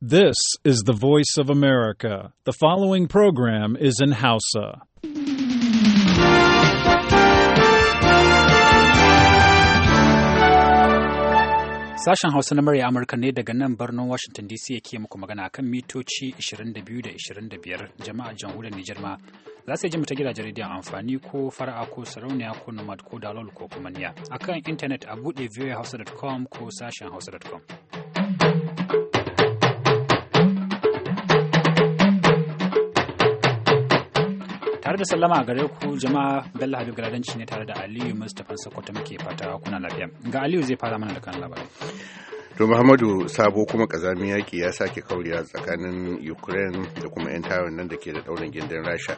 This is the voice of America. The following program is in Hausa. Sashen Hausa na murya Amurka ne daga nan birnin Washington DC yake muku magana kan mitoci 22 da 25 jama'a jamhuriyar Nijar ma za su ji mu ta gidajen rediyon amfani ko fara'a ko sarauniya ko nomad ko dalol ko kumanniya. akan intanet a buɗe voahausa.com ko sashen hausa.com. tare da sallama a gare ku jama'a bello habib galadanci ne tare da aliyu mustapha sokoto muke fata kuna lafiya ga aliyu zai fara mana da kan labarai to muhammadu sabo kuma kazami yaki ya sake kauriya tsakanin ukraine da kuma 'yan tawon nan da ke da daurin gindin rasha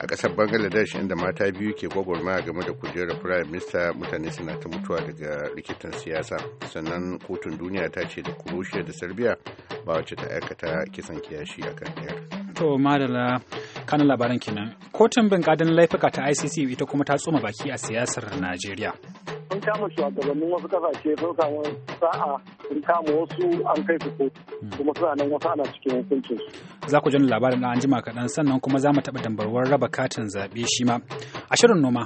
a kasar bangladesh inda mata biyu ke gwagwarmaya game da kujerar prime minister mutane suna ta mutuwa daga rikitan siyasa sannan kotun duniya ta ce da croatia da serbia ba wacce ta aikata kisan kiyashi a kan to madala kanan labaran kenan kotun bin kadin laifuka ta icc ita kuma ta tsoma baki a siyasar najeriya sun kama shugabannin wasu kasashe sun kama sa'a sun kama wasu an kai su ko hmm. kuma suna nan wasu ana cikin hukuncin su za ku ji labarin an anjima kaɗan sannan kuma za mu taɓa dambarwar raba katin zaɓe shi ma a shirin noma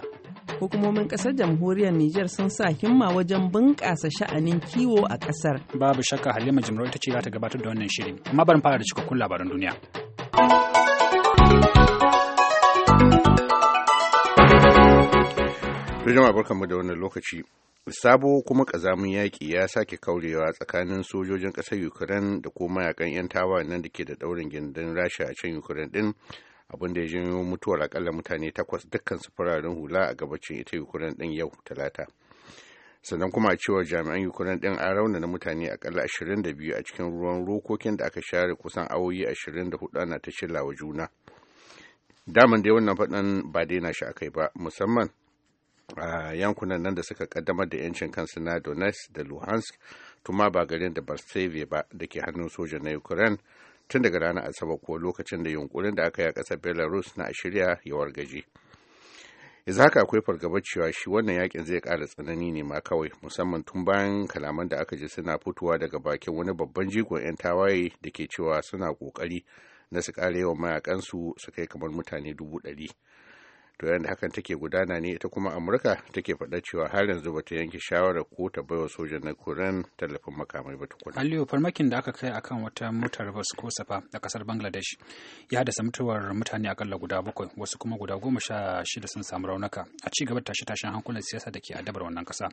hukumomin ƙasar jamhuriyar Nijar sun sa himma wajen bunƙasa sha'anin kiwo a ƙasar. Babu shakka Halima Jimro ita ce za ta gabatar da wannan shirin. Amma barin fara da cikakkun labaran duniya. To jama'a barkanmu da wannan lokaci. Sabo kuma kazamin yaƙi ya sake kaurewa tsakanin sojojin ƙasar Ukraine da kuma mayakan 'yan tawa nan da ke da ɗaurin gindin Rasha a can Ukraine ɗin abin da ya janyo mutuwar akalla mutane takwas dukkan su fararen hula a gabacin ita Ukraine ɗin yau Talata. Sannan kuma a cewar jami'an Ukraine ɗin an na mutane akalla biyu a cikin ruwan rokokin da aka share kusan awoyi hudu ana ta wa juna. Daman dai wannan faɗan ba daina shi akai ba musamman a yankunan nan da suka kaddamar da 'yancin kansu na donetsk da luhansk tuma ba garin da barsavia ba da ke hannun soja na ukraine tun daga ranar asabar ko lokacin da yunkurin da aka yi a ƙasar belarus na ashirya yawar gaji yanzu haka akwai fargabar cewa shi wannan yakin zai kara tsanani ne ma kawai musamman tun bayan kalaman da aka ji suna fitowa daga bakin wani babban jigon 'yan tawaye da ke cewa suna ƙoƙari na su ƙara yawan mayakansu su kai kamar mutane dubu ɗari to yadda hakan take gudana ne ita kuma amurka take faɗa cewa har yanzu bata yanke shawarar ko ta baiwa sojan na koren tallafin makamai ba tukuna aliyu farmakin da aka kai akan wata motar bas ko safa a kasar bangladesh ya haddasa mutuwar mutane akalla guda bakwai wasu kuma guda goma sha shida sun samu raunuka a ci gaba tashe tashen hankulan siyasa da ke adabar wannan kasa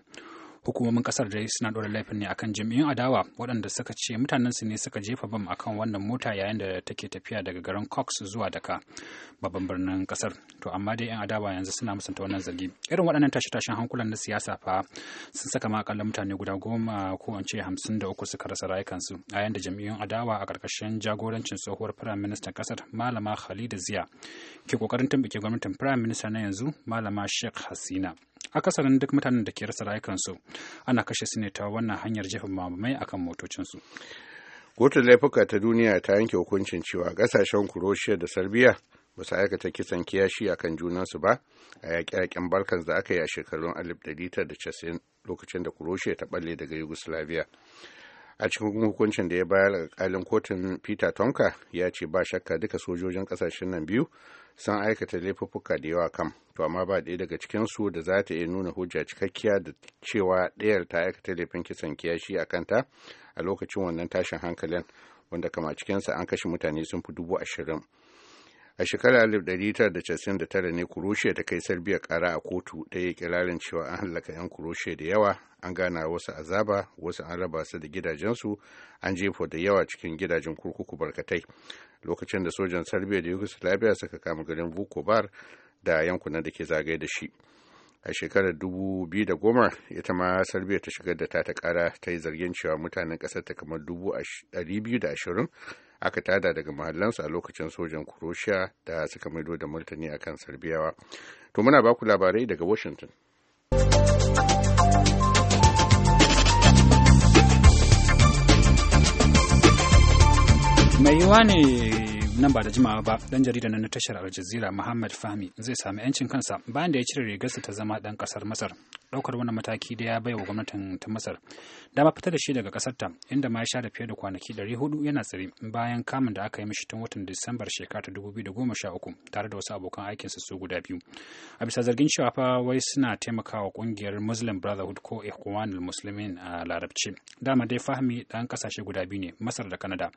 hukumomin kasar dai suna ɗora laifin ne akan jami'in adawa waɗanda suka ce mutanen su ne suka jefa bam akan wannan mota yayin da take tafiya daga garin cox zuwa daka babban birnin kasar to amma dai yan adawa yanzu suna musanta wannan zargi irin waɗannan tashe-tashen hankulan na siyasa fa sun saka ma akalla mutane guda goma ko an ce hamsin da uku suka rasa rayukansu yayin da jami'in adawa a ƙarƙashin jagorancin tsohuwar firayim ministan kasar malama khalida ziya ke ƙoƙarin tumɓuke gwamnatin firayim minista na yanzu malama sheikh hasina akasarin duk mutanen da ke rasa rayukansu ana kashe su ne ta wannan hanyar jefin mamamai akan motocinsu kotun laifuka ta duniya ta yanke hukuncin cewa kasashen kuroshiya da sarbiya ba su aikata kisan kiyashi a kan junansu ba a yaƙe-yaƙen balkans da aka yi a shekarun 1990 lokacin da kuroshiya ta balle daga yugoslavia a cikin hukuncin da ya bayar kalin kotun peter tonka ya ce ba shakka duka sojojin kasashen nan biyu sun aikata laifuffuka da yawa kam to amma ba ɗaya daga cikinsu da za ta iya nuna hujja cikakkiya da cewa ɗayar ta aikata laifin kisan kiyashi a kanta a lokacin wannan tashin hankalin wanda kama cikinsa an kashe mutane sun fi dubu ashirin a shekarar 1999 ne kuroshe ta kai sarbiya kara a kotu da ya kirarin cewa an hallaka 'yan kuroshe da yawa an gana wasu azaba wasu an raba su da gidajensu an jefa da yawa cikin gidajen kurkuku barkatai lokacin da sojan sarbiya da yugoslavia suka kama garin vukovar da yankunan da ke zagaye da shi a shekarar 2010 ita ma sarbiya ta shigar da ta ta kara ta yi zargin cewa mutanen kasar ta kamar 220 aka tada daga mahallansu a lokacin sojan kuroshiya da suka maido da martani akan sarbiyawa to muna baku labarai daga washington mai yiwa ne nan ba da jimawa ba dan jarida na tashar aljazira muhammad fahmi zai sami yancin kansa bayan da ya cire rigarsa ta zama dan kasar masar daukar wannan mataki da ya baiwa gwamnatin ta Masar da dama fita da shi daga ƙasarta inda ma ya sha da fiye da kwanaki 400 yana tsare bayan kamun da aka yi mishi tun watan Disambar shekara ta 2013 tare da wasu abokan aikinsa su guda biyu. A bisa zargin cewa fa wai suna taimakawa ƙungiyar Muslim Brotherhood ko Ikhwanul Muslimin a Larabci. Dama dai fahimi ɗan ƙasashe guda biyu ne Masar da Kanada.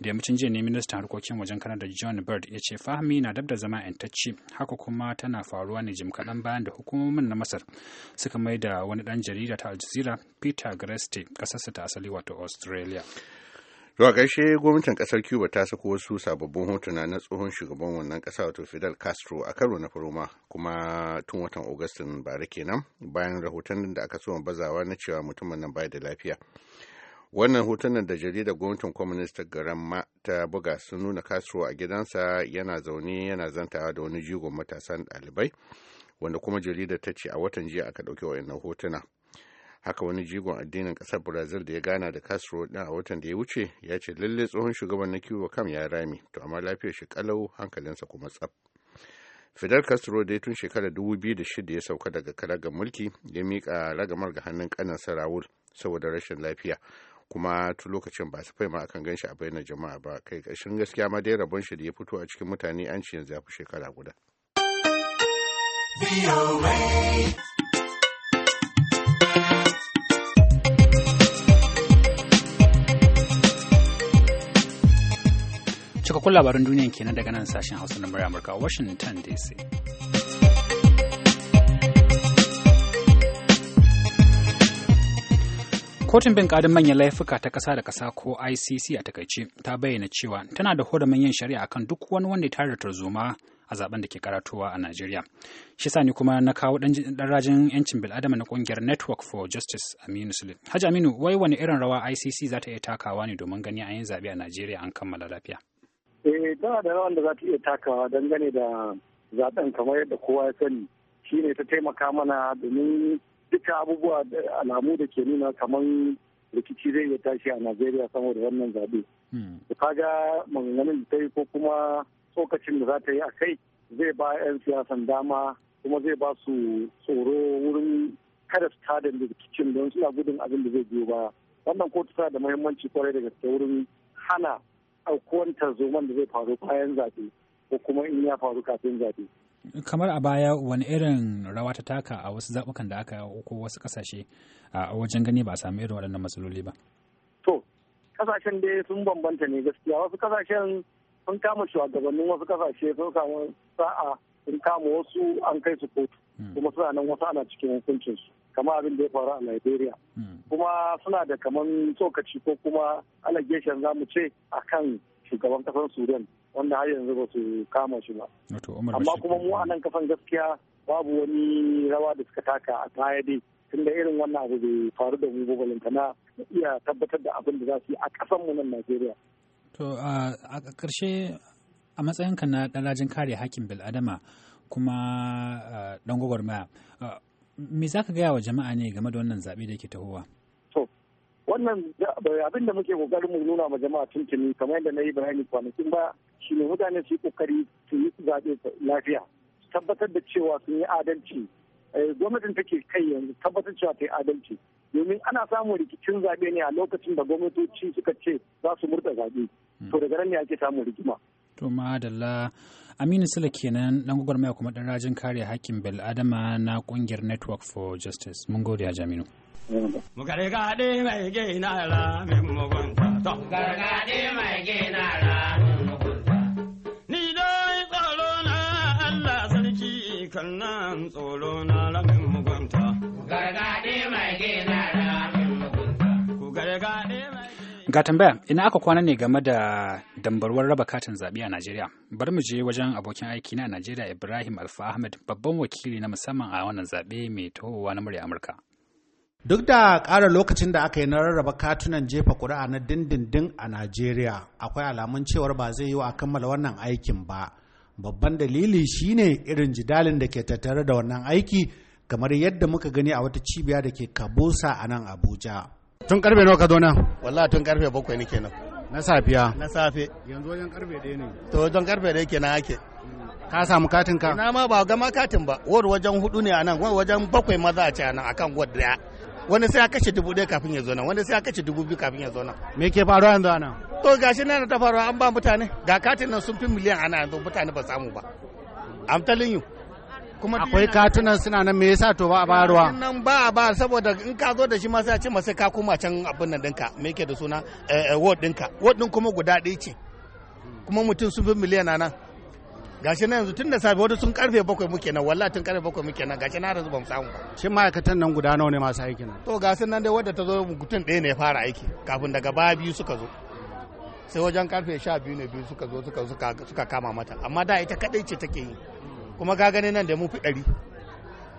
Da yammacin jiya ne ministan harkokin wajen Kanada John Bird ya ce fahimi na dabda da zama 'yantacci haka kuma tana faruwa ne jim kaɗan bayan da hukumomin na Masar suka aka da wani dan jarida ta Aljazeera Peter Greste kasarsa ta asali wato Australia. Zuwa ƙarshe gwamnatin ƙasar Cuba ta sako wasu sababbin hotuna na tsohon shugaban wannan ƙasa wato Fidel Castro a karo na faroma kuma tun watan augustin bara kenan bayan rahoton da aka so bazawa na cewa mutumin nan bai da lafiya. wannan hotunan da jaridar gwamnatin communist garamma ta buga sun nuna castro a gidansa yana zaune yana zantawa da wani jigon matasan ɗalibai wanda kuma jaridar ta ce a watan jiya aka ɗauki wayannan hotuna haka wani jigon addinin kasar brazil da ya gana da castro din a watan da ya wuce ya ce lalle tsohon shugaban na cuba kam ya rami to amma lafiyar shi kalau hankalinsa kuma tsaf fidel castro dai tun shekara dubu biyu da shida ya sauka daga karagar mulki ya mika ragamar ga hannun ƙanansa rawul saboda rashin lafiya kuma tun lokacin ba su faima akan ganshi a bayyana jama'a ba kai ƙarshen gaskiya ma dai rabon shi da ya fito a cikin mutane an ci yanzu ya fi shekara guda Cikakkun labarin duniyan kenan daga nan sashen Hausa na murya Amurka Washington DC. Kotun bin ƙadin manyan laifuka ta ƙasa da ƙasa ko ICC a takaice ta bayyana cewa tana da hudumin yin shari'a kan duk wani wanda ya tare da tarzoma a zaben da ke karatowa a Najeriya. Shi sa ni kuma na kawo ɗan rajin 'yancin bil'adama na ƙungiyar Network for Justice Aminu Sule. Haji Aminu, wai wani irin rawa ICC za ta iya takawa ne domin gani a yin zaɓe a Najeriya an kammala lafiya? Eh, tana da rawan da za ta iya takawa dangane da zaben kamar yadda kowa ya sani. Shi ne ta taimaka mana domin duka abubuwa alamu da ke nuna kamar rikici zai iya tashi a Najeriya saboda wannan zaɓe. Hmm. Ka ga maganganun da ta yi ko kuma tsokacin da za ta yi a kai zai ba 'yan siyasan dama kuma zai ba su tsoro wurin kada su tada rikicin don suna gudun abin da zai biyo ba wannan kotu tana da muhimmanci kwarai da gaske wurin hana aukuwan tarzoman da zai faru bayan zaɓe ko kuma in ya faru kafin zaɓe. kamar a baya wani irin rawa ta taka a wasu zaɓukan da aka yi ko wasu ƙasashe a wajen gani ba a sami irin waɗannan matsaloli ba. to kasashen dai sun bambanta ne gaskiya wasu kasashen sun kama shugabannin wasu kasashe sun samu sa'a sun kama wasu an kai su kotu hmm. kuma suna nan wasu ana cikin hukuncin su kamar abin da ya faru a liberia hmm. kuma suna da kaman tsokaci ko kuma allegation zamu mu ce kan shugaban kasar sudan wanda har yanzu ba su kama shi ba amma kuma mu a nan kasan gaskiya babu wani rawa da suka taka a baya dai tunda irin wannan abu bai faru da mu ba na iya tabbatar da abin da za su yi a kasanmu mu nan najeriya To a ƙarshe a matsayinka na ɗarajin kare haƙƙin bil'adama kuma ɗan gwagwarmaya me za ka gaya wa jama'a ne game da wannan zaɓe da ke tahowa? To wannan abin da muke ƙoƙarin mu nuna ma jama'a tun tuntuni kamar yadda na yi bayani kwanakin ba shi ne mutane su yi ƙoƙari su yi zaɓe lafiya tabbatar da cewa sun yi adalci eh, gwamnatin take kai yanzu tabbatar cewa ta yi adalci domin ana samun rikicin zaɓe ne a lokacin da gwamnatoci suka ce za su murta zaɓe hmm. to daga nan ne ake samun rigima to madalla aminu sula kenan dan gwagwarmaya kuma ɗan rajin kare hakkin bil'adama na ƙungiyar network for justice mun gode a jaminu mu gargaɗe mai gina ra mai mugunta to gargaɗe mai gina ra Ga tambaya, ina aka kwana ne game da dambarwar raba katin zaɓe a Najeriya? Bari mu je wajen abokin aiki na Najeriya Ibrahim Alfa Ahmed babban wakili na musamman a wannan zaɓe mai tohowa na murya Amurka. Duk da ƙara lokacin da aka yi na rarraba katunan jefa ƙuri'a na dindindin a Najeriya, akwai alamun cewar ba zai yi wa kammala wannan aikin ba. Babban dalili shine irin jidalin da ke tattare da wannan aiki kamar yadda muka gani a wata cibiya da ke Kabusa a nan Abuja. Tun karfe nawa ka zo nan? Wallahi tun karfe bakwai nake nan. Na safiya. Na safe. Yanzu wajen karfe ɗaya ne. To wajen karfe ɗaya kenan ake. Ka samu katin ka? Ina ma ba gama katin ba. wani wajen hudu ne a nan, wajen bakwai maza a ce a nan akan ward daya. Wani sai ya kashe dubu ɗaya kafin ya zo nan, wani sai ya kashe dubu biyu kafin ya zo nan. Me ke faruwa yanzu a nan? To gashi nan ta faruwa an ba mutane. Ga katin nan sun fi miliyan ana yanzu mutane ba samu ba. Amtalin telling you. kuma akwai katunan suna nan me yasa to ba a bayarwa nan ba a ba saboda in ka zo da shi ma sai a ce sai ka koma can abin nan dinka me yake da suna eh, eh, ward dinka ward din kuma guda ɗaya ce kuma mutum sun fi miliyan nan gashi na yanzu tun da safe wata sun karfe bakwai muke nan wallahi tun karfe bakwai muke nan gashi na yanzu ban samu ba shin ma'aikatan nan guda nawa ne masu aiki nan to ga nan dai wadda ta zo mutum ɗaya ne ya fara aiki kafin daga baya biyu suka zo sai wajen karfe sha biyu ne biyu suka zo suka suka kama mata amma da ita kadai ce take yi kuma ka gani nan da mu fi ɗari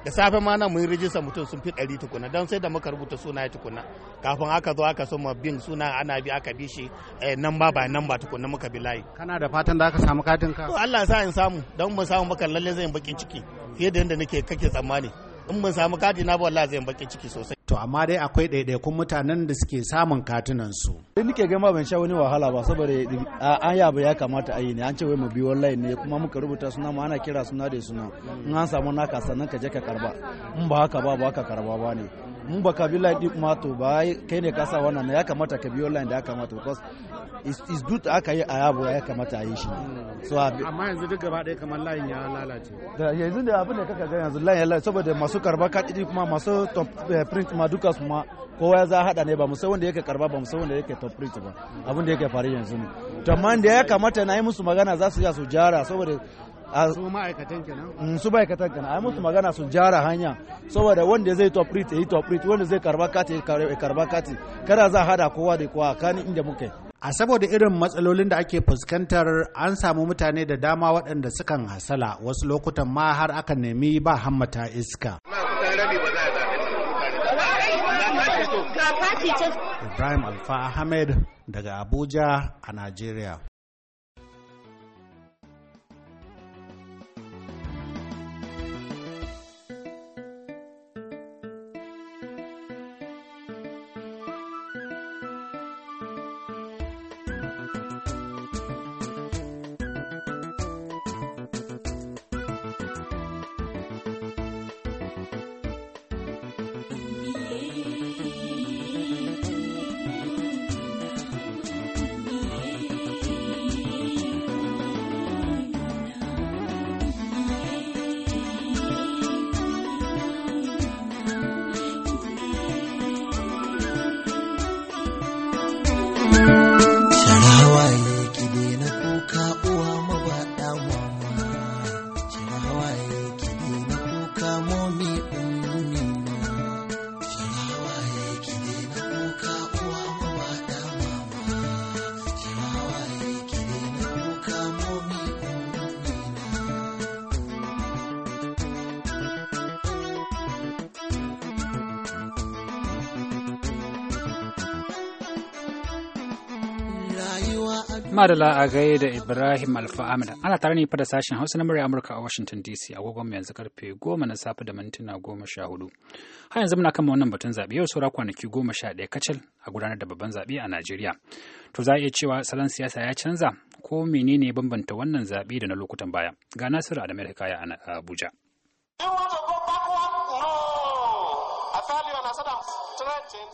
da safe ma nan mun rijista mutum sun fi ɗari tukuna don sai da muka rubuta ya tukuna kafin aka zo aka soma bin suna ana bi aka bi shi nan ba ba nan ba tukuna muka bi layi kana da fatan da aka samu katin ka to Allah sa in samu don mu samu baka lalle zan bakin ciki fiye da yadda nake kake tsammani in mun samu kati na ba wallahi baki ciki sosai to amma dai akwai ɗaiɗaikun mutanen da suke samun katunan su sai nike ga ma ban sha wani wahala ba saboda an ya ba ya kamata a yi ne an ce wai mu bi wallahi ne kuma muka rubuta suna mu ana kira suna da suna in an samu naka sannan ka je ka karba in ba haka ba ba ka karba ba ne Mun baka bi line din kuma to ba kai ne kasa wannan ya kamata ka biyo line da ya kamata because is good aka yi a yabo ya kamata a yi shi so amma yanzu duk gaba ɗaya kamar line ya lalace da yanzu da abin da kaka ga yanzu line ya lalace saboda masu karba kaɗi kuma masu top eh, print ma duka su ma kowa za hada ne ba mu wanda yake karba ba mu wanda yake top print ba abin da yake faru yanzu ne to amma da ya kamata na yi musu magana za su ya su jara saboda su ma'aikatan kenan mm, su musu magana su jara hanya saboda wanda zai top rate yi top rate wanda zai karba kati karba kati kada za hada kowa da kowa kani inda muke a saboda irin matsalolin da ake fuskantar an samu mutane da dama waɗanda sukan hasala wasu lokutan ma har aka nemi ba hammata iska Ibrahim Alfa Ahmed daga Abuja a Najeriya. Madala a gai da Ibrahim Alfa Ahmed. Ana tare ne fa da sashen Hausa na murya Amurka a Washington DC agogon yanzu karfe goma na safe da mintuna goma sha hudu. Har yanzu muna kama wannan batun zaɓe yau saura kwanaki goma sha ɗaya kacal a gudanar da babban zaɓe a Najeriya. To za a iya cewa salon siyasa ya canza ko menene bambanta wannan zaɓe da na lokutan baya. Ga Nasiru Adamu kaya a Abuja.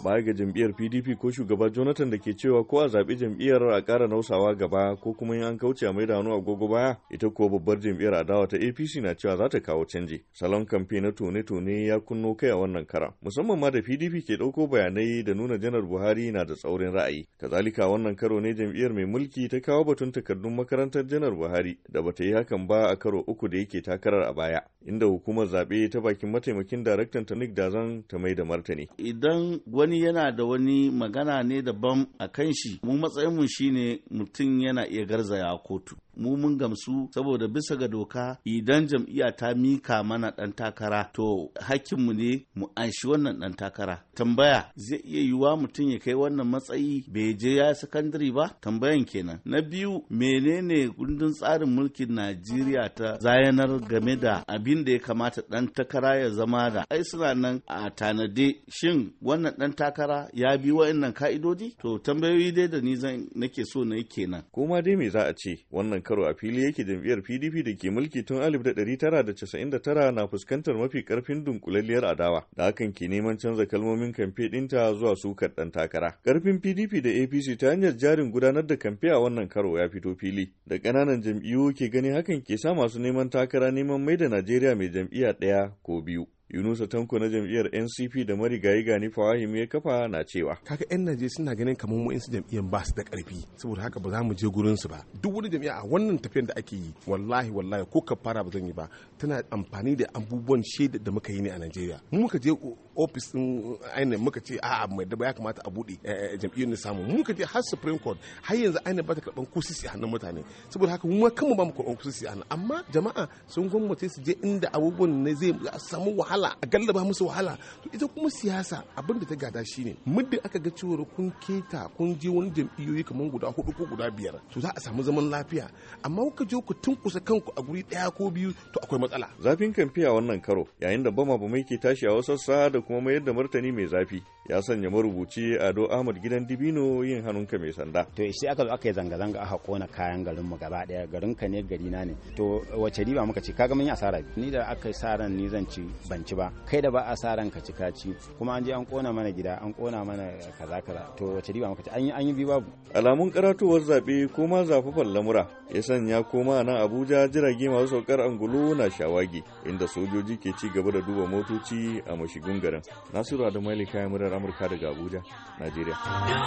baya ga jam'iyyar pdp ko shugaba jonathan da ke cewa ko a zaɓi jam'iyyar a ƙara nausawa gaba ko kuma yin an kauce a mai da hannu agogo baya ita ko babbar jam'iyyar adawa ta apc na cewa za ta kawo canji salon kamfe na tone-tone ya kunno kai a wannan karan musamman ma da pdp ke ɗauko bayanai da nuna janar buhari na da tsaurin ra'ayi kazalika wannan karo ne jam'iyyar mai mulki ta kawo batun takardun makarantar janar buhari da bata yi hakan ba a karo uku da yake takarar a baya inda hukumar zaɓe ta bakin mataimakin daraktan tanik dazan ta mai da martani idan wani yana da wani magana ne daban a kan shi mu matsayinmu shine mutum yana iya garzaya kotu mu mun gamsu saboda bisa ga doka idan jam'iyya ta mika mana ɗan takara to hakkinmu ne mu anshi wannan ɗan takara tambaya zai iya yiwuwa mutum ya kai wannan matsayi bai je ya sakandare ba tambayan kenan na biyu menene gundun tsarin mulkin najeriya ta zayanar game da abin da ya kamata ɗan takara ya zama da ai suna nan a tanade shin wannan ɗan takara ya bi wa'annan ka'idodi to tambayoyi dai da ni zan nake so na yi kenan Koma dai me za a ce wannan karo a fili yake jam'iyyar PDP da ke mulki tun 1999 na fuskantar mafi karfin dunkulalliyar adawa da hakan ke neman canza kalmomin kamfe ɗinta zuwa sukar ɗan takara. Karfin PDP da APC ta hanyar jarin gudanar da kamfe a wannan karo ya fito fili da ƙananan jam'iyyu ke gani hakan ke sa masu neman takara neman mai da Najeriya mai jam'iyya ɗaya ko biyu. Yunusa Tanko na jam'iyyar NCP da marigayi Gani Fawahim ya kafa na cewa. Kaka 'yan Najeriya suna ganin kamar su jam'iyyar ba su da karfi saboda haka ba za mu je gurin su ba. Duk wani jam'iyya a wannan tafiyar da ake yi wallahi wallahi ko fara ba zan yi ba tana amfani da abubuwan shaida da muka yi ne a Najeriya. Mu muka je ofis din ainihin muka ce a mai daba ya kamata a buɗe eh, eh, jam'iyyar na samu muka je har supreme court har yanzu ainihin ba ta karɓan kusisi hannun mutane saboda haka mu mu ba mu karɓan kusisi hannun amma jama'a sun gwamnati su je inda abubuwan ne zai samu wahala a gallaba musu wahala to ita kuma siyasa abin da ta gada shine muddin aka ga cewa kun keta kun je wani jam'iyyoyi kamar guda hudu ko guda biyar to za a samu zaman lafiya amma kuka je ku tunkusa kanku a guri daya ko biyu to akwai matsala zafin kamfe a wannan karo yayin da bama bamai ke tashi a wasu sassa kuma mayar da martani mai zafi ya sanya marubuci Ado Ahmad Gidan Dibino yin hannunka mai sanda. To sai aka zo aka yi zanga-zanga aka kona kayan garin mu gaba daya garin ka ne gari na ne. To wace riba muka ci kaga mun yi asara ni da aka yi saran ni zan ci ban ci ba kai da ba a saran ka ci ka ci kuma an je an kona mana gida an kona mana kaza kaza to wace riba muka ci an yi an yi bi babu. Alamun karatuwar zabe ko ma zafafan lamura ya sanya koma nan Abuja jirage masu saukar angulo na shawagi inda sojoji ke ci gaba da duba motoci a mashigun garin. garin nasiru da maili kayan murar amurka daga abuja najeriya duniya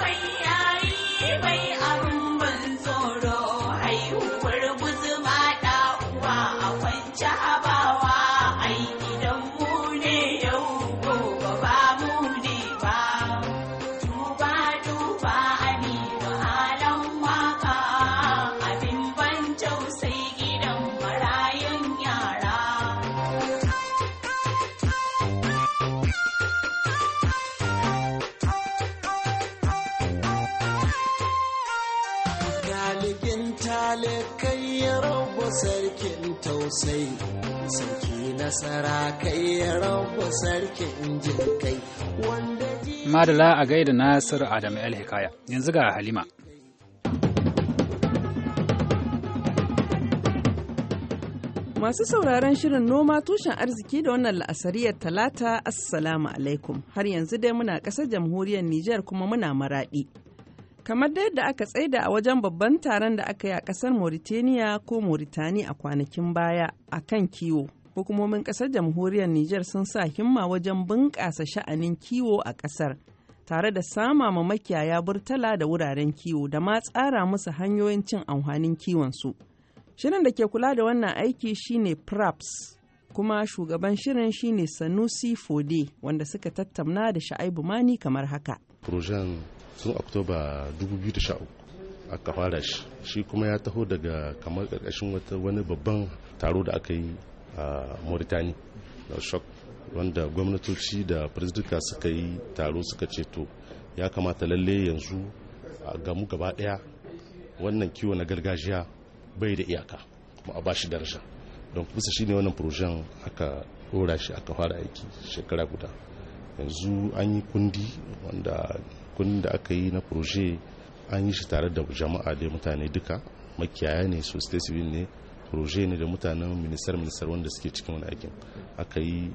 mai yayi mai abin ban tsoro haihuwar buzur sarkin tausayi sarki nasara kai rabu sarkin jin kai wanda madala a gaida nasir Adamu el hikaya yanzu ga halima Masu sauraron shirin noma tushen arziki da wannan la'asariyar talata assalamu alaikum har yanzu dai muna ƙasar jamhuriyar Nijar kuma muna maraɗi kamar da yadda aka tsaida a wajen babban taron da aka yi a kasar mauritania ko mauritani a kwanakin baya a kan kiwo hukumomin kasar jamhuriyar niger sun sa himma wajen bunƙasa sha'anin kiwo a kasar tare da sama ma makiyaya burtala da wuraren kiwo da ma tsara musu hanyoyin cin amfanin su shirin da ke kula da wannan aiki shine praps kuma shugaban shirin shine sanusi fode wanda suka tattauna da sha'aibu mani kamar haka sun oktoba 2013 aka fara shi shi kuma ya taho daga kamar karkashin wata wani babban taro da aka yi a mauritani da shock wanda gwamnatoci da firistika suka yi taro suka ce to ya kamata lalle yanzu a gamu gaba daya wannan kiwo na gargajiya bai da iyaka kuma a bashi daraja don kusa shine wannan projen aka dora shi aka fara aiki shekara guda yanzu an yi kundi wanda kun da aka yi na proje an yi shi tare da jama'a da mutane duka makiyaya ne su civil ne proje ne da mutanen minister minister wanda suke cikin wani aikin aka yi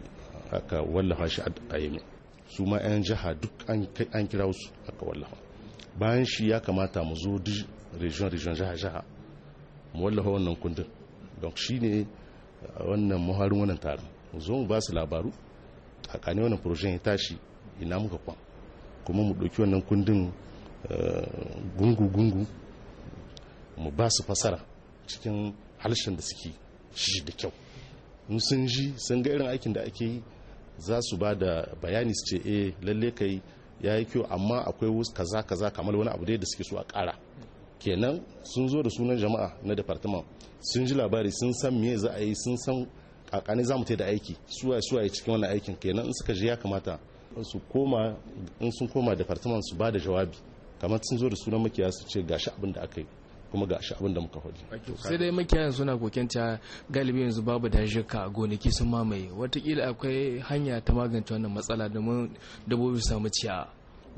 aka wallafa shi a yami su ma 'yan jiha duk an kira su aka wallafa bayan shi ya kamata mu zo duk region region jiha jiha mu wallafa wannan kundin don shi ne wannan muharin wannan taron mu zo mu ba su labaru a kane wannan proje ya tashi ina muka kwan kuma mu ɗauki wannan kundin eh, gungu-gungu mu ba su fasara cikin harshen da suke shi da kyau in sun ji sun ga irin aikin da ake yi za su ba da bayani su ce eh lalle kai ya yi kyau amma akwai kaza kaza kamar wani abu dai da suke so a ƙara kenan sun zo da sunan jama'a na department sun ji labari sun san me za a yi sun san kakani za mu da aiki suwaye suwaye cikin wannan aikin kenan in suka ji ya kamata su koma in sun koma department su ba da jawabi kamar sun zo da sunan makiya su ce gashi abin da aka yi kuma ga shi abin da muka faɗi. sai dai makiyayan suna kokenta galibi yanzu babu dajika gonaki sun mamaye watakila akwai hanya ta magance wannan matsala domin dabbobi samu ciyawa.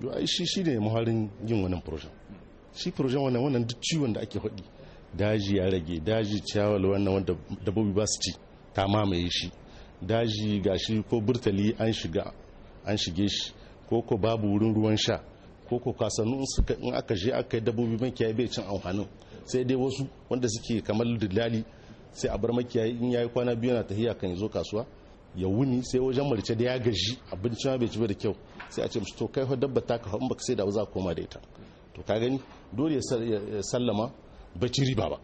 yau ai shi shi ne muharin yin wannan projen shi projen wannan wannan duk ciwon da ake faɗi daji ya rage daji ciyawar wannan wanda dabbobi ba su ci ta mamaye shi daji gashi ko burtali an shiga an shige shi ko ko babu wurin ruwan sha ko ko kasannu in aka je aka yi dabbobi makiyayi bai cin amfanin sai dai wasu wanda suke kamar dillali sai a bar makiyayi in yayi kwana biyu na tahiya kan zo kasuwa ya wuni sai wajen marice da ya gaji abinci ma bai ci ba da kyau sai a ce mishi to kai fa dabba ta ka in baka sai da za ka koma da ita to ka gani dole ya sallama bacci riba ba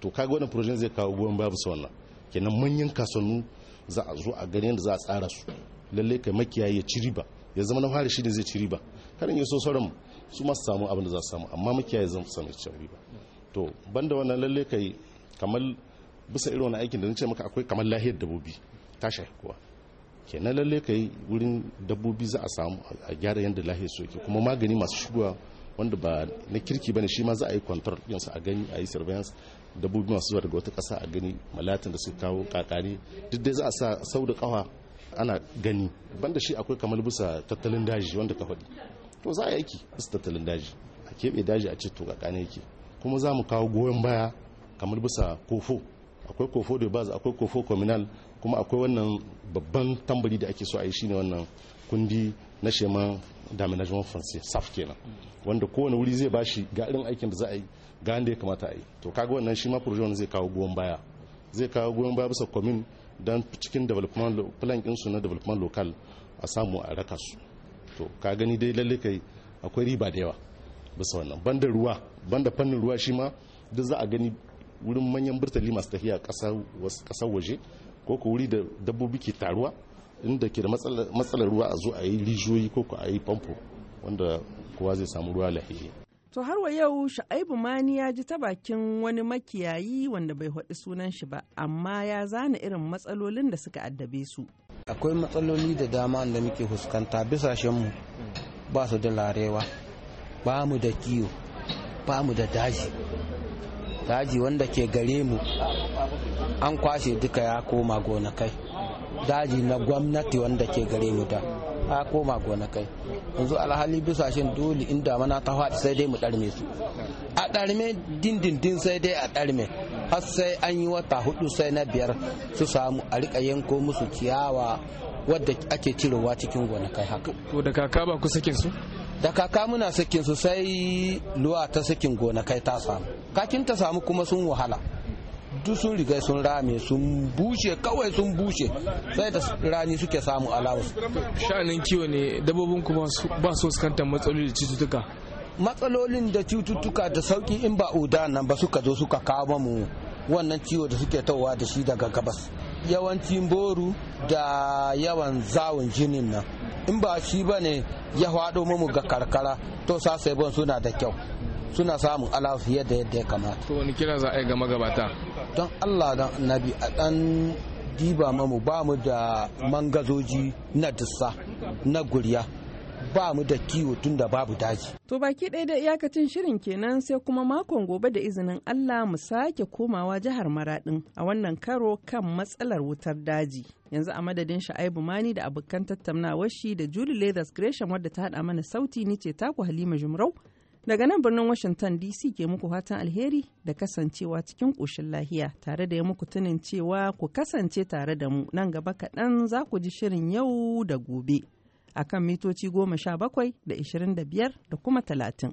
to kaga wannan projen zai kawo goyon babu su wannan kenan manyan kasannu za a zo a gani da za a tsara su lalle kai makiyayi ya ci riba ya zama na fari shi ne zai ci riba karin ya sauran su masu samu abin da za su samu amma makiyayi zan samu ci riba to banda wannan lalle kai kamar bisa irin wani aikin da nace maka akwai kamar lahiyar dabbobi ta kuwa kowa kenan lalle kai wurin dabbobi za a samu a gyara yadda lahiyar su yake kuma magani masu shigowa wanda ba na kirki bane shi ma za a yi kwantar yansu a gani a yi surveillance dabbobi masu zuwa daga wata ƙasa a gani malatin da su kawo kakari duk dai za a sa sau da kawa ana gani banda shi akwai kamar bisa tattalin daji wanda ka faɗi to za a yi aiki bisa tattalin daji a keɓe daji a ce to ga kane yake kuma za mu kawo goyon baya kamar bisa kofo akwai kofo da baz akwai kofo communal kuma akwai wannan babban tambari da ake so a yi shine wannan kundi na sheman damanajman fansi saf kenan wanda kowane wuri zai bashi ga irin aikin da za a yi ga da ya kamata a yi to kaga wannan shi ma zai kawo goyon baya zai kawo goyon baya bisa komin don cikin plan ɗinsu na development local a samu a raka su to ka gani dai lalle kai akwai riba da yawa bisa wannan banda ruwa banda fannin ruwa shi ma duk za a gani wurin manyan burtali masu tafiya kasar waje ko ku wuri da dabbobi ke taruwa inda ke da matsalar ruwa a zo a yi rijiyoyi ko ku a yi famfo wanda kowa zai samu ruwa lahiyi To har wa yau Sha'aibu Mani ya ji ta bakin wani makiyayi wanda bai haɗi sunan shi ba, amma ya zana irin matsalolin da suka addabe su. Akwai matsaloli da dama da muke fuskanta mu ba su da larewa, ba mu da kiyo, ba mu da daji. Daji wanda ke gare mu an kwashe duka ya koma gonakai. Daji na gwamnati wanda ke gare mu da. a koma gonakai yanzu alhali bisashen dole inda mana ta faɗi sai dai mu ɗarme su a ɗarme dindindin sai dai a ɗarme har sai an yi wata hudu sai na biyar su samu a riƙa yanko musu ciyawa wadda ake cirowa cikin gonakai haka to da kaka ba ku sakin su da kaka muna sakin su sai luwa ta sakin gonakai ta samu kakin ta samu kuma sun wahala duk sun riga sun rame sun bushe kawai sun bushe sai da rani suke samu allowance sha'anin kiwo ne dabbobin ku ba su fuskantar matsaloli da cututtuka matsalolin da cututtuka da sauki in ba oda nan ba suka zo suka kawo mu wannan ciwo da suke tawa da shi daga gabas Yawanci boru da yawan zawon jinin nan in ba shi ba ne ya faɗo mamu ga karkara to ban suna da kyau suna samun alafu yadda yadda ya kamata to wani kira za a yi ga magabata don allah da annabi a dan diba mamu ba mu da mangazoji na dussa na guriya ba mu da kiwo tun da babu daji. To baki ɗaya da iyakacin shirin kenan sai kuma makon gobe da izinin Allah mu sake komawa jihar Maraɗin a wannan karo kan matsalar wutar daji. Yanzu a madadin Sha'aibu Mani da abokan tattaunawar shi da Julie Leathers Gresham wadda ta haɗa mana sauti ni ce taku Halima Jumrau Daga nan birnin Washington DC ke muku fatan alheri da kasancewa cikin ƙoshin lahiya tare da ya muku tunin cewa ku kasance tare da mu nan gaba kaɗan za ku ji shirin yau da gobe akan mitoci goma sha bakwai da ishirin da biyar da kuma talatin.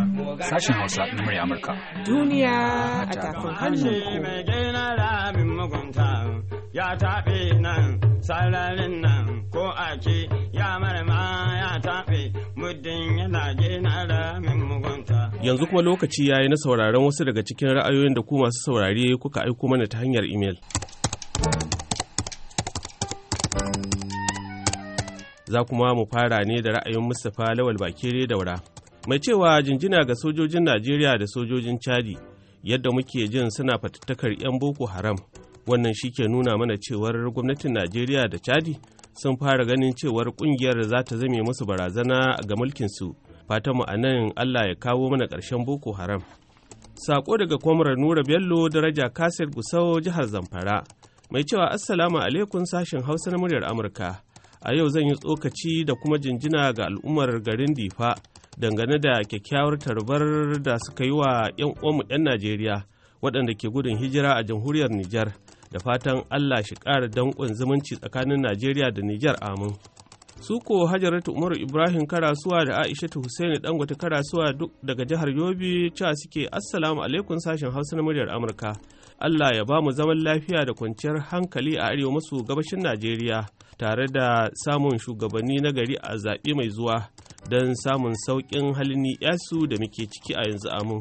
sashen Hausa na murya Amurka. Duniya a tafin mugunta Ya taɓe nan, sararin nan, ko ake ya marama ya taɓe muddin yana gina ramin mugunta. Yanzu kuma lokaci ya yi na sauraron wasu daga cikin ra'ayoyin da ku masu saurari kuka aiko mana ta hanyar imel. Za kuma mu fara ne da ra'ayin Mustapha Lawal Bakire Daura. mai cewa jinjina ga sojojin najeriya da sojojin chadi yadda muke jin suna fatattakar 'yan boko haram wannan shi ke nuna mana cewar gwamnatin najeriya da chadi sun fara ganin cewar kungiyar za ta zame musu barazana ga mulkin su, fatanmu a nan allah ya kawo mana ƙarshen boko haram sako daga kwamrar nura bello daraja kasir gusau jihar zamfara mai cewa assalamu alaikum sashen hausa na muryar amurka a yau zan yi tsokaci da kuma jinjina ga al'ummar garin difa dangane da kyakkyawar tarbar da suka yi wa 'yan uwanmu 'yan Najeriya waɗanda ke gudun hijira a jamhuriyar Nijar da fatan Allah shi ƙara danƙon zumunci tsakanin Najeriya da Nijar amin. Su ko Hajaratu Umaru Ibrahim Karasuwa da Aishatu Hussaini Dangote Karasuwa duk daga jihar Yobe cewa suke Assalamu alaikum sashen Hausa na muryar Amurka. Allah ya ba mu zaman lafiya da kwanciyar hankali a arewa maso gabashin Najeriya tare da samun shugabanni na gari a zaɓe mai zuwa don samun sauƙin halin yasu da muke ciki a yanzu amin.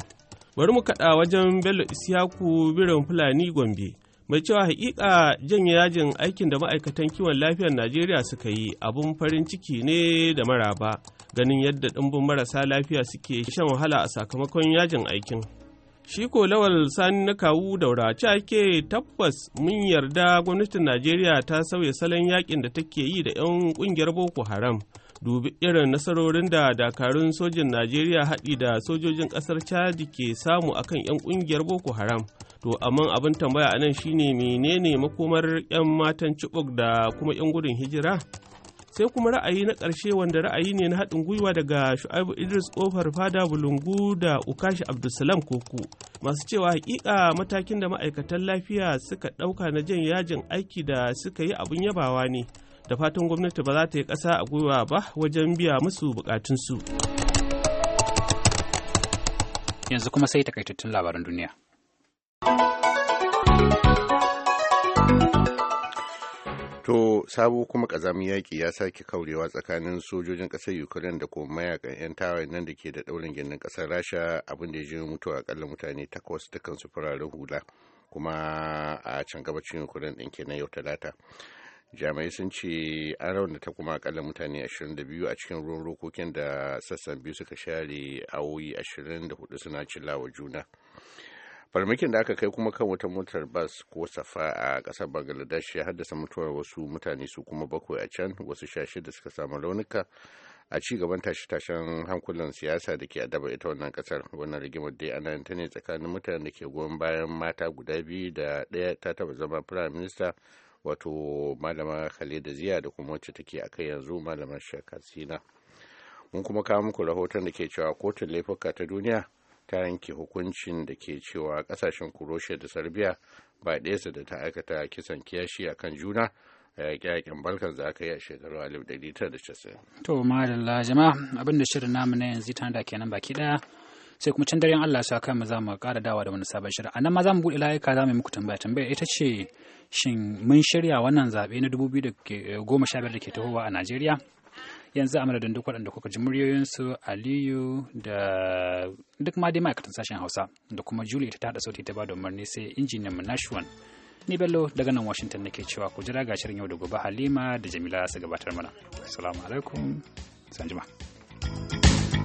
Bari mu kaɗa wajen Bello Isiyaku birin Fulani Gombe. Mai cewa haƙiƙa janye yajin aikin da ma'aikatan kiwon lafiyar Najeriya suka yi abun farin ciki ne da maraba ganin yadda ɗimbin marasa lafiya suke shan wahala a sakamakon yajin aikin. Shi ko lawal sani na kawu daura ci ake tabbas mun yarda gwamnatin Najeriya ta sauya salon yakin da take yi da 'yan kungiyar Boko Haram. Dubi irin nasarorin da dakarun sojin Najeriya haɗi da sojojin ƙasar Chadi ke samu akan 'yan kungiyar Boko Haram. To amma abin tambaya anan shine menene makomar 'yan matan Chibok da kuma 'yan gudun hijira? sai kuma ra'ayi na ƙarshe wanda ra'ayi ne na haɗin gwiwa daga shu'aibu idris kofar fada bulungu da ukashi abdulsalam koko masu cewa hakika matakin da ma'aikatan lafiya suka ɗauka na jan yajin aiki da suka yi abin yabawa ne da fatan gwamnati ba za ta yi ƙasa a gwiwa ba wajen biya musu buƙatunsu yanzu kuma sai takaitattun labaran duniya To, sabo kuma ƙazamin yaƙi ya sake kaurewa tsakanin sojojin ƙasar Ukraine da kuma mayakan 'yan tawayen nan da ke da ɗaurin gindin ƙasar Rasha abin da ya jiyo mutuwa aƙalla mutane takwas dukansu fararen hula kuma a can gabacin Ukraine ɗin kenan yau talata. jami'ai sun ce an raunata kuma akalla mutane 22 a cikin ruwan rokokin da sassan biyu suka share awoyi 24 suna cillawa juna. farmakin da aka kai kuma kan wata motar bas ko safa a kasar bangladesh ya haddasa mutuwar wasu mutane su kuma bakwai a can wasu shashi da suka samu raunuka a ci gaban tashe-tashen hankulan siyasa da ke adaba ita wannan kasar wannan rigimar dai ana ta ne tsakanin mutanen da ke goyon bayan mata guda biyu da daya ta taba zama prime minister wato malama khalida ziya da kuma wacce take a kai yanzu malama shakasina mun kuma kawo muku rahoton da ke cewa kotun laifuka ta duniya ta yanke hukuncin da ke cewa kasashen kuroshiya da sarbiya ba ɗaya da ta aikata kisan kiyashi a kan juna a yaƙe-yaƙen balkan za ka yi a shekaru a to madalla jama'a abin da shirin namu na yanzu tana da kenan baki ɗaya sai kuma can daren Allah sa mu za mu ƙara dawa da wani sabon shirin a ma za mu buɗe layuka za mu yi muku tambaya tambaya ita ce shin mun shirya wannan zaɓe na dubu biyar da ke tahowa a Najeriya yanzu a madadin duk waɗanda kuka ji muryoyinsu aliyu da duk ma dai ma'aikatan sashen hausa da kuma julie ta haɗa sauti ta ba da umarni sai injiniyan mu ni bello daga nan washington nake cewa ku jira ga shirin yau da gobe halima da jamila su gabatar mana assalamu alaikum sanjima thank you